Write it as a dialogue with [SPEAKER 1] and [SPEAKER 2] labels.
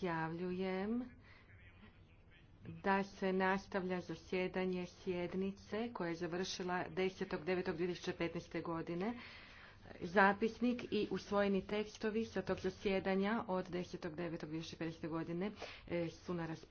[SPEAKER 1] Javljujem da se nastavlja zasjedanje sjednice koja je završila 10.9.2015. godine. Zapisnik i usvojeni tekstovi sa tog zasjedanja od 10.9.2015. godine eh, su na raspolaganju.